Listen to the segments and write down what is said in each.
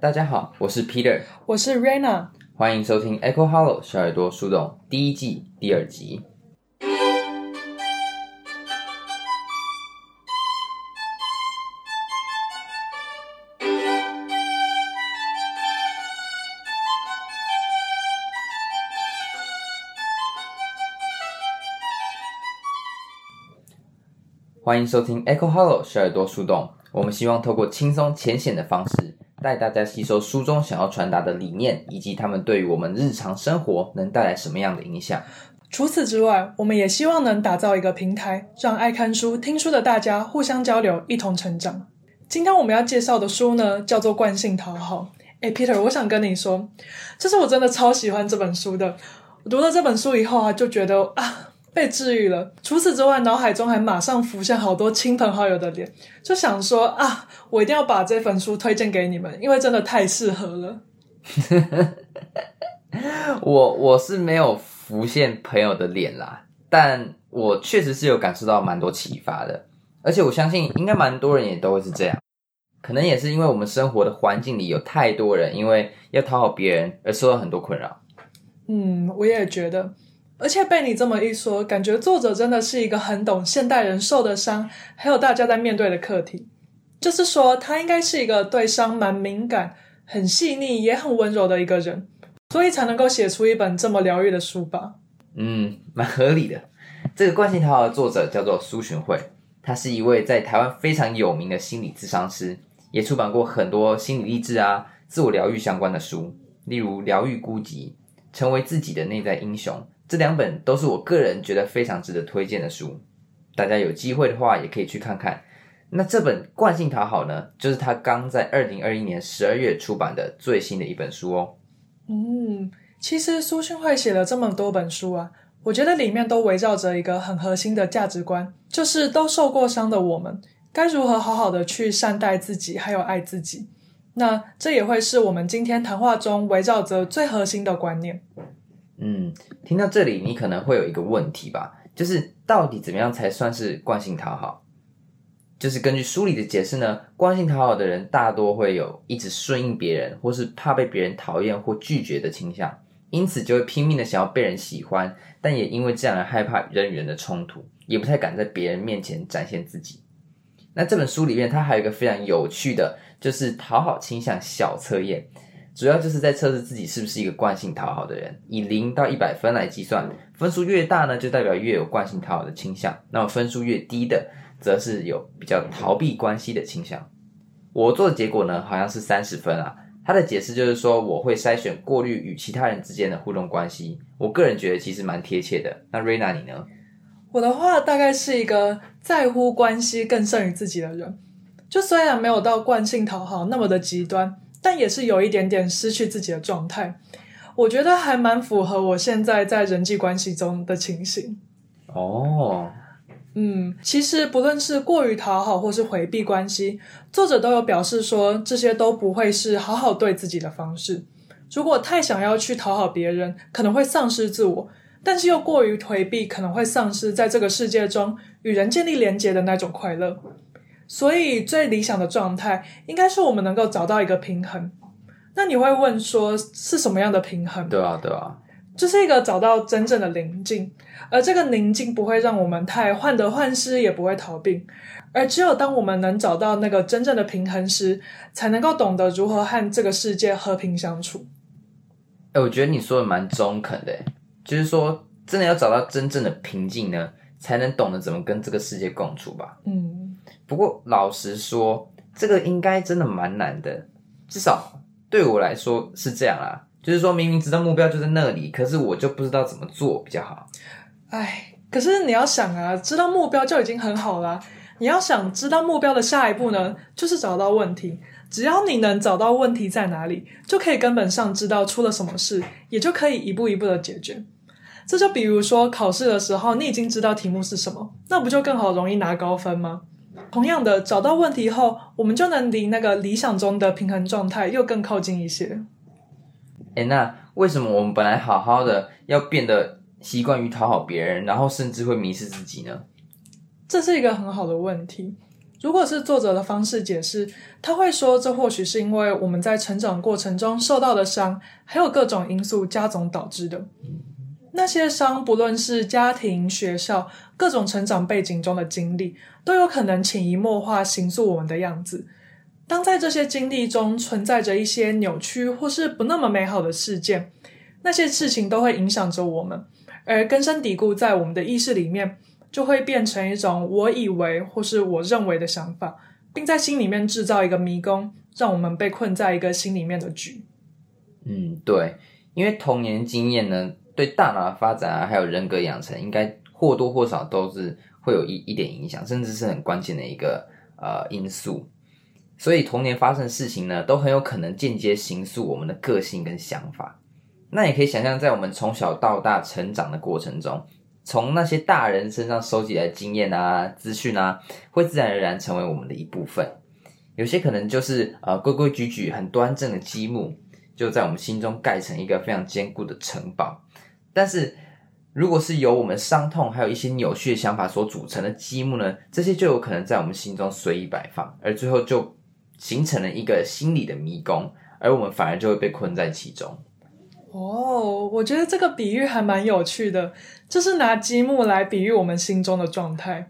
大家好，我是 Peter，我是 Rena，歡迎收聽《Echo Hollow 小耳朵樹洞》第一季第二集。歡迎收聽《Echo Hollow 小耳朵樹洞》，我們希望透過輕鬆淺顯的方式。帶大家吸收書中想要傳達的理念，以及他們對於我們日常生活能帶來什麼樣的影響。除此之外，我們也希望能打造一個平台，讓愛看書、聽書的大家互相交流，一同成長。今天我們要介紹的書呢，叫做《慣性討好》。欸，Peter，我想跟你說，就是我真的超喜歡這本書的。我讀了這本書以後啊，就覺得啊。被治癒了。除此之外，腦海中還馬上浮現好多親朋好友的臉，就想說啊，我一定要把這本書推薦給你們，因為真的太適合了。 我我是沒有浮現朋友的臉啦，但我確實是有感受到蠻多啟發的，而且我相信應該蠻多人也都會是這樣，可能也是因為我們生活的環境裡有太多人，因為要討好別人而受到很多困擾。嗯，我也覺得。而且被你這麼一說，感覺作者真的是一個很懂現代人受的傷，還有大家在面對的課題。就是說，他應該是一個對傷蠻敏感、很細膩、也很溫柔的一個人，所以才能夠寫出一本這麼療癒的書吧？嗯，蠻合理的。這個《慣性討好》的作者叫做蘇絢慧，他是一位在台灣非常有名的心理諮商師，也出版過很多心理勵志啊、自我療癒相關的書，例如《療癒孤寂》《成為自己的內在英雄》。這兩本都是我個人覺得非常值得推薦的書，大家有機會的話也可以去看看。那這本《慣性討好》呢，就是他剛在二零二一年十二月出版的最新的一本書哦。嗯，其實蘇絢慧寫了這麼多本書啊，我覺得裡面都圍繞着一個很核心的價值觀，就是都受過傷的我們該如何好好的去善待自己，還有愛自己。那這也會是我們今天談話中圍繞着，着最核心的觀念。嗯，聽到這裡，你可能會有一個問題吧，就是到底怎麼樣才算是慣性討好？就是根據書裡的解釋呢，慣性討好的人大多會有一直順應別人，或是怕被別人討厭或拒絕的傾向，因此就會拼命的想要被人喜歡，但也因為這樣，而害怕人與人的衝突，也不太敢在別人面前展現自己。那這本書裡面，它還有一個非常有趣的，就是討好傾向小測驗。主要就是在測試自己是不是一個慣性討好的人，以零到一百分來計算，分數越大呢，就代表越有慣性討好的傾向；那麼分數越低的，則是有比較逃避關係的傾向。我做的結果呢，好像是三十分啊。他的解釋就是說，我會篩選過濾與其他人之間的互動關係。我個人覺得其實蠻貼切的。那瑞娜，你呢？我的話大概是一個在乎關係更勝於自己的人，就雖然沒有到慣性討好那麼的極端。但也是有一點點失去自己的狀態，我覺得還蠻符合我現在在人際關係中的情形。哦，嗯，其實不論是過於討好或是回避關係，作者都有表示說，這些都不會是好好對自己的方式。如果太想要去討好別人，可能會喪失自我，但是又過於回避，可能會喪失在這個世界中與人建立連結的那種快樂。所以最理想的狀態應該是我們能夠找到一個平衡。那你會問說是什麼樣的平衡？對啊，對啊，就是一個找到真正的寧靜，而這個寧靜不會讓我們太患得患失，也不會逃避。而只有當我們能找到那個真正的平衡時，才能夠懂得如何和這個世界和平相處。哎、欸，我覺得你說的蠻中肯的，就是說真的要找到真正的平靜呢，才能懂得怎麼跟這個世界共處吧。嗯。不過老實說，這個應該真的蠻難的，至少對我來說是這樣啦，啊，就是說，明明知道目標就在那裡，可是我就不知道怎麼做比較好。哎，可是你要想啊，知道目標就已經很好啦，啊。你要想知道目標的下一步呢，就是找到問題。只要你能找到問題在哪裡，就可以根本上知道出了什麼事，也就可以一步一步的解決。這就比如說考試的時候，你已經知道題目是什麼，那不就更好，容易拿高分嗎？同樣的，找到問題後，我們就能離那個理想中的平衡狀態又更靠近一些。誒、欸，那為什麼我們本來好好的，要變得習慣於討好別人，然後甚至會迷失自己呢？這是一個很好的問題。如果是作者的方式解釋，他會說，這或許是因為我們在成長過程中受到的傷，還有各種因素加總導致的。那些傷，不論是家庭、學校各種成長背景中的經歷，都有可能潛移默化形塑我們的樣子。當在這些經歷中存在着一些扭曲或是不那麼美好的事件，那些事情都會影響着我們，而根深蒂固在我們的意識裡面，就會變成一種我以為或是我認為的想法，並在心裡面製造一個迷宮，讓我們被困在一個心裡面的局。嗯，對，因為童年經驗呢。對大腦的發展啊，還有人格養成，應該或多或少都是會有一一點影響，甚至是很關鍵的一個呃因素。所以童年發生的事情呢，都很有可能間接形塑我們的個性跟想法。那也可以想象，在我們從小到大成長的過程中，從那些大人身上收集來經驗啊、資訊啊，會自然而然成為我們的一部分。有些可能就是呃規規矩矩、很端正的積木，就在我們心中蓋成一個非常堅固的城堡。但是，如果是由我們傷痛還有一些扭曲的想法所組成的積木呢？這些就有可能在我們心中隨意擺放，而最後就形成了一個心理的迷宮，而我們反而就會被困在其中。哦，我覺得這個比喻還蠻有趣的，就是拿積木來比喻我們心中的狀態。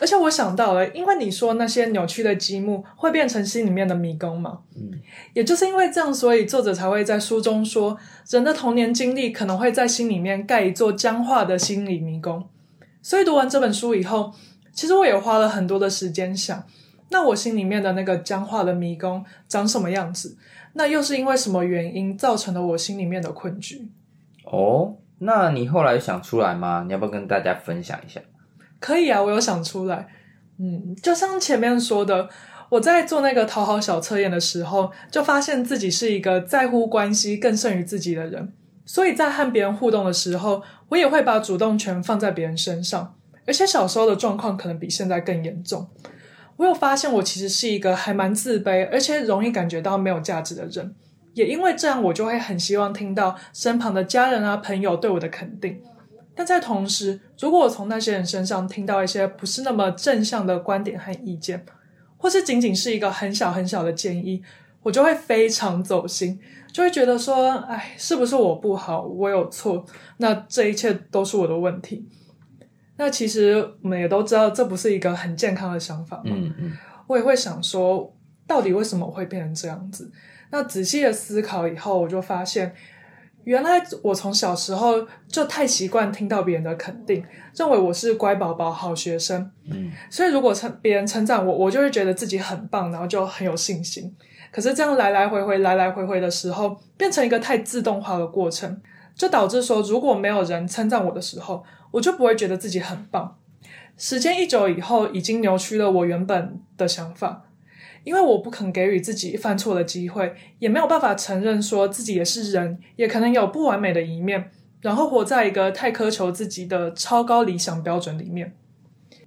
而且我想到了，因為你說那些扭曲的積木會變成心裡面的迷宮嘛，嗯，也就是因為這樣，所以作者才會在書中說，人的童年經歷可能會在心裡面蓋一座僵化的心理迷宮。所以讀完這本書以後，其實我也花了很多的時間想，那我心裡面的那個僵化的迷宮長什麼樣子？那又是因為什麼原因造成了我心裡面的困局？哦，那你後來想出來嗎？你要不要跟大家分享一下？可以啊，我有想出來，嗯，就像前面說的，我在做那個討好小測驗的時候，就發現自己是一個在乎關係更勝於自己的人，所以在和別人互動的時候，我也會把主動權放在別人身上，而且小時候的狀況可能比現在更嚴重。我有發現，我其實是一個還蠻自卑，而且容易感覺到沒有價值的人，也因為這樣，我就會很希望聽到身旁的家人啊、朋友對我的肯定。但在同時，如果我從那些人身上聽到一些不是那麼正向的觀點和意見，或是僅僅是一個很小很小的建議，我就會非常走心，就會覺得說：“哎，是不是我不好，我有錯？那這一切都是我的問題。”那其實我們也都知道，這不是一個很健康的想法嘛。我也會想說，到底為什麼我會變成這樣子？那仔細的思考以後，我就發現，原來我從小時候就太習慣聽到別人的肯定，認為我是乖寶寶、好學生。嗯，所以如果稱別人稱讚我，我就會覺得自己很棒，然後就很有信心。可是這樣來來回回來來回回的時候，變成一個太自動化的過程，就導致說，如果沒有人稱讚我的時候，我就不會覺得自己很棒。時間一久以後，已經扭曲了我原本的想法。因為我不肯給予自己犯錯的機會，也沒有辦法承認說自己也是人，也可能有不完美的一面，然後活在一個太苛求自己的超高理想標準裡面。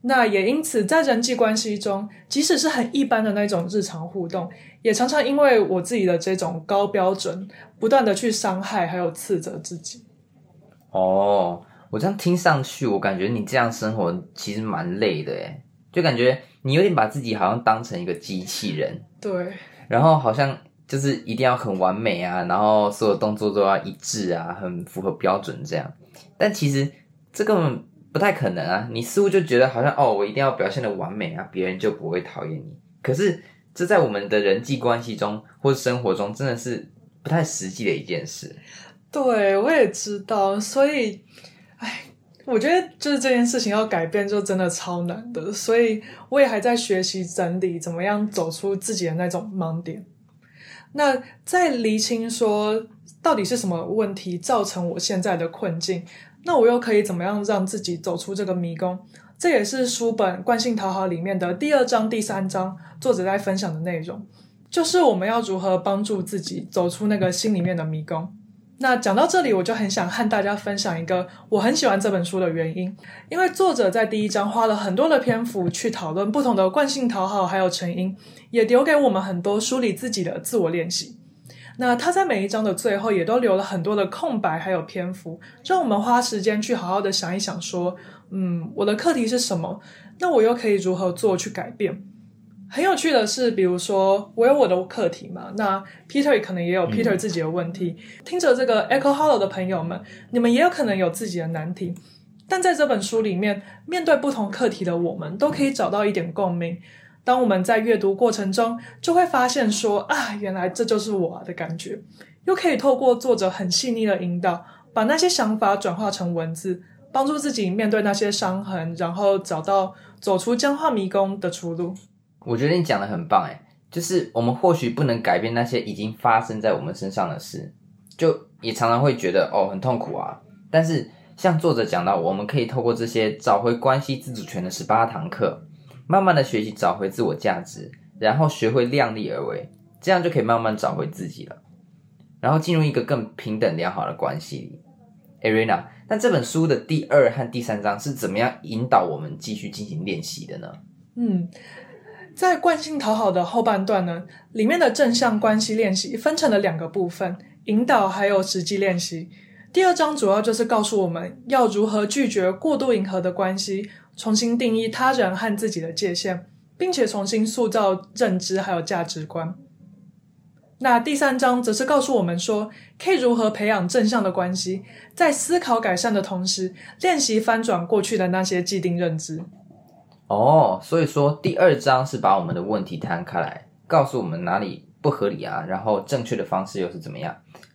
那也因此，在人際關係中，即使是很一般的那種日常互動，也常常因為我自己的這種高標準，不斷的去傷害還有斥責自己。哦，我這樣聽上去，我感覺你這樣生活其實蠻累的，哎就感覺你有點把自己好像當成一個機器人，對，然後好像就是一定要很完美啊，然後所有動作都要一致啊，很符合標準這樣。但其實這根本不太可能啊！你似乎就覺得好像哦，我一定要表現得完美啊，別人就不會討厭你。可是這在我們的人際關係中或者生活中，真的是不太實際的一件事。對，我也知道，所以。我覺得就是這件事情要改變，就真的超難的。所以我也還在學習整理，怎麼樣走出自己的那種盲點。那在釐清說到底是什麼問題造成我現在的困境，那我又可以怎麼樣讓自己走出這個迷宮？這也是書本《慣性討好》裡面的第二章，第三章作者在分享的內容，就是我們要如何幫助自己走出那個心裡面的迷宮。那講到這裡，我就很想和大家分享一個我很喜歡這本書的原因，因為作者在第一章花了很多的篇幅去討論不同的慣性討好還有成因，也留給我們很多梳理自己的自我練習。那他在每一章的最後也都留了很多的空白還有篇幅，讓我們花時間去好好的想一想，說，嗯，我的課題是什麼？那我又可以如何做去改變？很有趣的是，比如說我有我的課題嘛，那 Peter 可能也有 Peter 自己的問題，嗯。聽着這個 Echo Hollow 的朋友們，你們也有可能有自己的難題。但在這本書裡面，面對不同課題的我們，都可以找到一點共鳴。當我們在閱讀過程中，就會發現說啊，原來這就是我的感覺。又可以透過作者很細膩的引導，把那些想法轉化成文字，幫助自己面對那些傷痕，然後找到走出僵化迷宮的出路。我覺得你講的很棒。誒，就是我們或許不能改變那些已經發生在我們身上的事，就也常常會覺得哦很痛苦啊。但是像作者講到，我們可以透過這些找回關係自主權的十八堂課，慢慢的學習找回自我價值，然後學會量力而為，這樣就可以慢慢找回自己了，然後進入一個更平等良好的關係裡。Arena，那這本書的第二和第三章是怎麼樣引導我們繼續進行練習的呢？嗯。在慣性討好的後半段呢，裡面的正向關係練習分成了兩個部分：引導還有實際練習。第二章主要就是告訴我們要如何拒絕過度迎合的關係，重新定義他人和自己的界限，並且重新塑造認知還有價值觀。那第三章則是告訴我們說可以如何培養正向的關係，在思考改善的同時，練習翻轉過去的那些既定認知。哦，所以說第二章是把我們的問題攤開來，告訴我們哪裡不合理啊，然後正確的方式又是怎麼樣。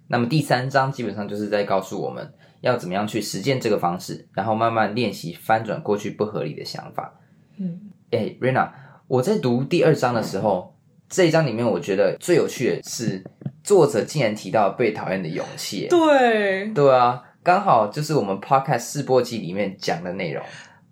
那麼第三章基本上就是在告訴我們要怎麼樣去實踐這個方式，然後慢慢練習翻轉過去不合理的想法。嗯，哎，Rena，我在讀第二章的時候，嗯，這一章裡面我覺得最有趣的是作者竟然提到被討厭的勇氣。對，對啊，剛好就是我們 Podcast 試播集裡面講的內容。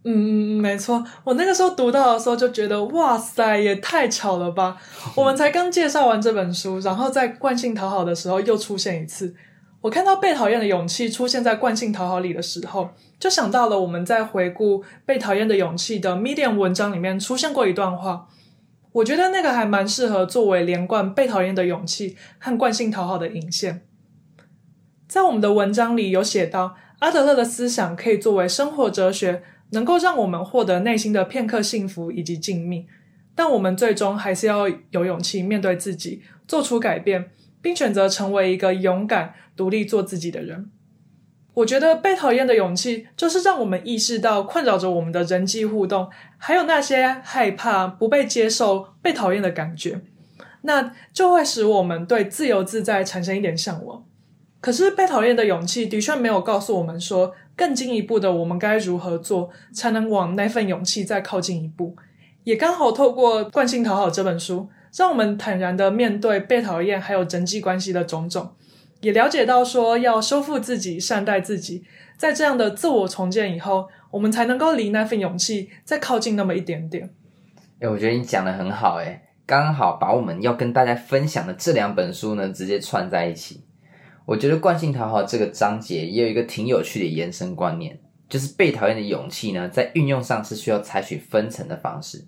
嗯，沒錯。我那個時候讀到的時候就覺得，哇塞，也太巧了吧！我們才剛介紹完這本書，然後在慣性討好的時候又出現一次。我看到被討厭的勇氣出現在慣性討好裡的時候，就想到了我們在回顧被討厭的勇氣的 Medium 文章裡面出現過一段話，我覺得那個還蠻適合作為連貫被討厭的勇氣和慣性討好的引線。在我們的文章裡有寫到，阿德勒的思想可以作為生活哲學。能夠讓我們獲得內心的片刻幸福以及靜謐，但我們最終還是要有勇氣面對自己，做出改變，並選擇成為一個勇敢、獨立、做自己的人。我覺得被討厭的勇氣，就是讓我們意識到困擾着我們的人際互動，還有那些害怕不被接受、被討厭的感覺，那就會使我們對自由自在產生一點向往。可是被討厭的勇氣的確，沒有告訴我們說更進一步的我們該如何做才能往那份勇氣再靠近一步，也剛好透過慣性討好這本書，讓我們坦然的面對被討厭還有人際關係的種種，也了解到說要修復自己，善待自己。在這樣的自我重建以後，我們才能夠離那份勇氣再靠近那麼一點點，欸。哎，我覺得你講的很好誒，剛好把我們要跟大家分享的這兩本書呢，直接串在一起。我覺得慣性討好這個章節也有一個挺有趣的延伸觀念，就是被討厭的勇氣呢，在運用上是需要採取分層的方式。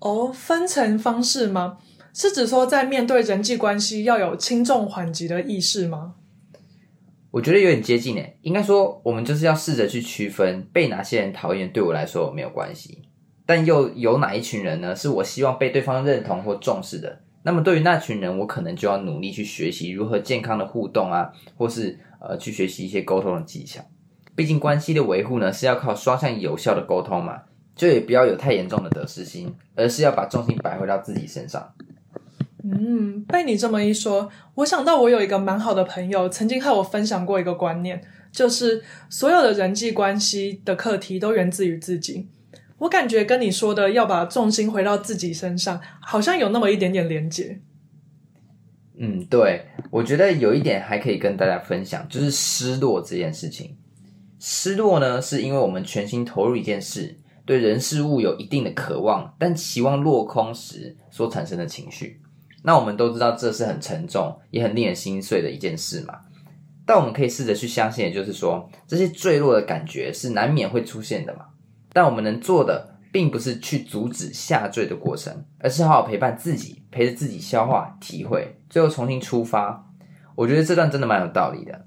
哦，分層方式嗎？是指說在面對人際關係要有輕重緩急的意識嗎？我覺得有點接近誒，應該說我們就是要試着去區分被哪些人討厭對我來說有沒有關係，但又有哪一群人呢，是我希望被對方認同或重視的。那麼對於那群人，我可能就要努力去學習如何健康的互動啊，或是呃去學習一些溝通的技巧。畢竟關係的維護呢，是要靠雙向有效的溝通嘛，就也不要有太嚴重的得失心，而是要把重心擺回到自己身上。嗯，被你這麼一說，我想到我有一個蠻好的朋友，曾經和我分享過一個觀念，就是所有的人際關係的課題都源自於自己。我感覺跟你說的要把重心回到自己身上，好像有那麼一點點連接。嗯，對，我覺得有一點還可以跟大家分享，就是失落這件事情。失落呢，是因為我們全心投入一件事，對人事物有一定的渴望，但期望落空時所產生的情緒。那我們都知道，這是很沉重，也很令人心碎的一件事嘛。但我們可以試着去相信，也就是說，這些墜落的感覺是難免會出現的嘛。但我們能做的，並不是去阻止下墜的過程，而是好好陪伴自己，陪着自己消化、體會，最後重新出發。我覺得這段真的蠻有道理的。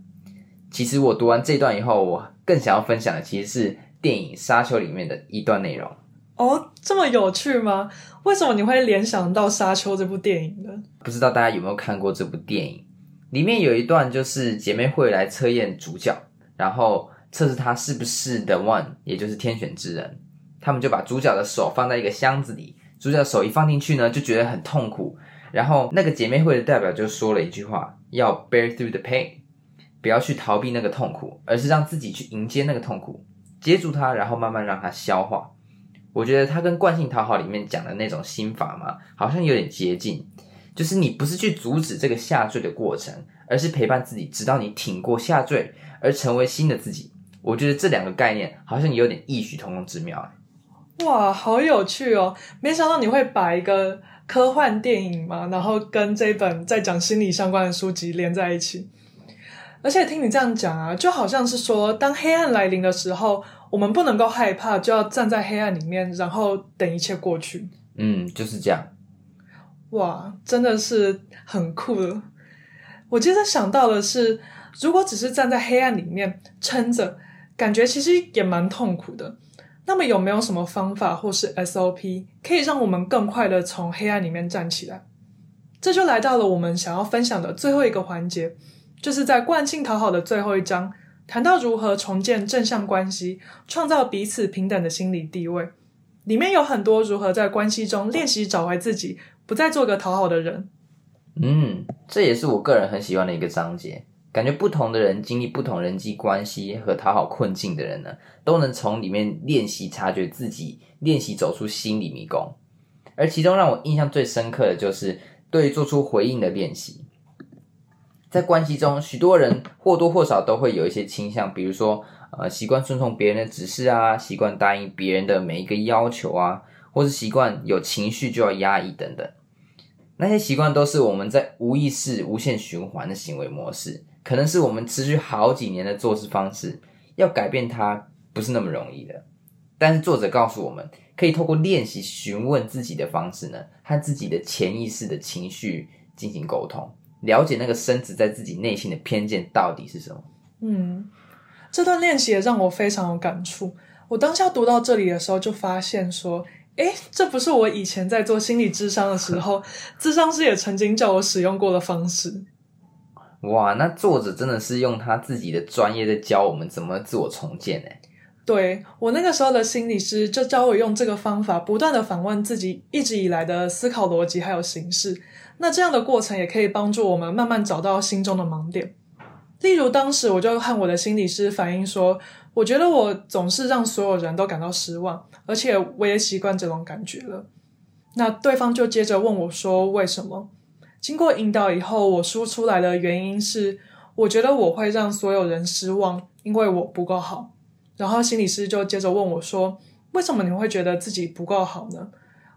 其實我讀完這一段以後，我更想要分享的其實是電影《沙丘》裡面的一段內容。哦，這麼有趣嗎？為什麼你會聯想到《沙丘》這部電影呢？不知道大家有沒有看過這部電影？裡面有一段就是姐妹會來測驗主角，然後。測試他是不是 the one，也就是天選之人。他們就把主角的手放在一個箱子裡，主角手一放進去呢，就覺得很痛苦。然後那個姐妹會的代表就說了一句話：要 bear through the pain，不要去逃避那個痛苦，而是讓自己去迎接那個痛苦，接住它，然後慢慢讓它消化。我覺得他跟《慣性討好》裡面講的那種心法嘛，好像有點接近。就是你不是去阻止這個下墜的過程，而是陪伴自己，直到你挺過下墜，而成為新的自己。我覺得這兩個概念，好像有點異曲同工之妙，誒，哇，好有趣哦！沒想到你會把一個科幻電影嘛，然後跟這本在講心理相關的書籍連在一起。而且聽你這樣講啊，就好像是說，當黑暗來臨的時候，我們不能夠害怕，就要站在黑暗裡面，然後等一切過去。嗯，就是這樣。哇，真的是很酷的。我接着想到的是，如果只是站在黑暗裡面撐着。感覺其實也蠻痛苦的。那麼有沒有什麼方法或是 SOP 可以讓我們更快的從黑暗裡面站起來？這就來到了我們想要分享的最後一個環節，就是在《慣性討好》的最後一章，談到如何重建正向關係，創造彼此平等的心理地位。裡面有很多如何在關係中練習找回自己，不再做個討好的人。嗯，這也是我個人很喜歡的一個章節。感覺不同的人經歷不同人際關係和討好困境的人呢，都能從裡面練習察覺自己，練習走出心理迷宮。而其中讓我印象最深刻的就是對於做出回應的練習。在關係中，許多人或多或少都會有一些傾向，比如說呃習慣順從別人的指示啊，習慣答應別人的每一個要求啊，或是習慣有情緒就要壓抑等等。那些習慣都是我們在無意識、無限循環的行為模式。可能是我們持續好幾年的做事方式，要改變它不是那麼容易的。但是作者告訴我們，可以透過練習詢問自己的方式呢，和自己的潛意識的情緒進行溝通，了解那個深植在自己內心的偏見到底是什麼。嗯，這段練習也讓我非常有感觸。我當下讀到這裡的時候，就發現說，誒，這不是我以前在做心理諮商的時候， 諮商師也曾經叫我使用過的方式。哇，那作者真的是用他自己的專業在教我們怎麼自我重建呢。欸？對，我那個時候的心理師就教我用這個方法，不斷的反問自己一直以來的思考邏輯還有形式。那這樣的過程也可以幫助我們慢慢找到心中的盲點。例如當時我就和我的心理師反映說，我覺得我總是讓所有人都感到失望，而且我也習慣這種感覺了。那對方就接着問我說，為什麼？經過引導以後，我輸出來的原因是，我覺得我會讓所有人失望，因為我不夠好。然後心理師就接着問我說：“為什麼你會覺得自己不夠好呢？”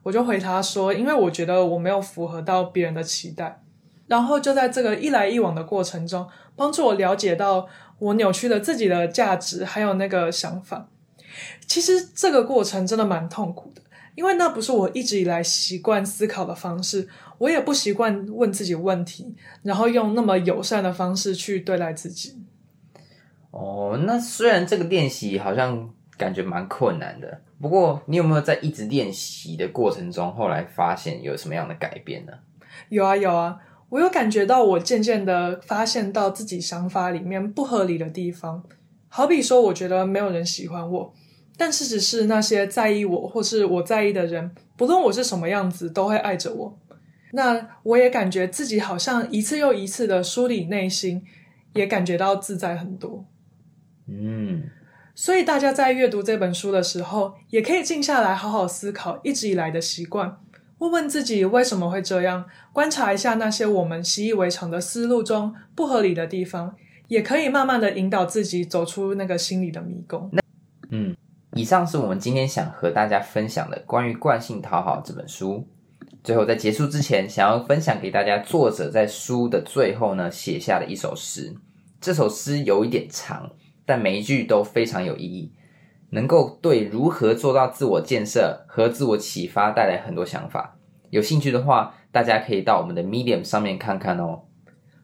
我就回他說：“因為我覺得我沒有符合到別人的期待。”然後就在這個一來一往的過程中，幫助我了解到我扭曲了自己的價值，還有那個想法。其實這個過程真的蠻痛苦的，因為那不是我一直以來習慣思考的方式。我也不習慣問自己問題，然後用那麼友善的方式去對待自己。哦，那雖然這個練習好像感覺蠻困難的，不過你有沒有在一直練習的過程中，後來發現有什麼樣的改變呢？有啊，有啊，我有感覺到，我漸漸的發現到自己想法裡面不合理的地方。好比說，我覺得沒有人喜歡我，但是只是那些在意我或是我在意的人，不論我是什麼樣子，都會愛着我。那，我也感覺自己好像一次又一次的梳理內心，也感覺到自在很多。嗯，所以大家在閱讀這本書的時候，也可以靜下來好好思考一直以來的習慣，問問自己為什麼會這樣，觀察一下那些我們習以為常的思路中不合理的地方，也可以慢慢的引導自己走出那個心理的迷宮。那，嗯，以上是我們今天想和大家分享的關於《慣性討好》這本書。最後，在結束之前，想要分享給大家，作者在書的最後呢，寫下的一首詩。這首詩有一點長，但每一句都非常有意義，能夠對如何做到自我建設和自我啟發帶來很多想法。有興趣的話，大家可以到我們的 Medium 上面看看哦。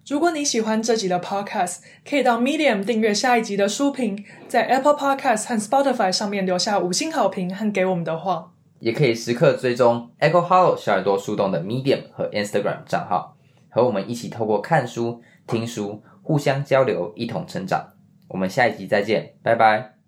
如果你喜歡這集的 Podcast，可以到 Medium 訂閱下一集的書評，在 Apple Podcast 和 Spotify 上面留下五星好評和給我們的話。也可以時刻追蹤 Echo Hollow 小耳朵樹洞的 Medium 和 Instagram 賬號，和我們一起透過看書、聽書，互相交流，一同成長。我們下一集再見，拜拜。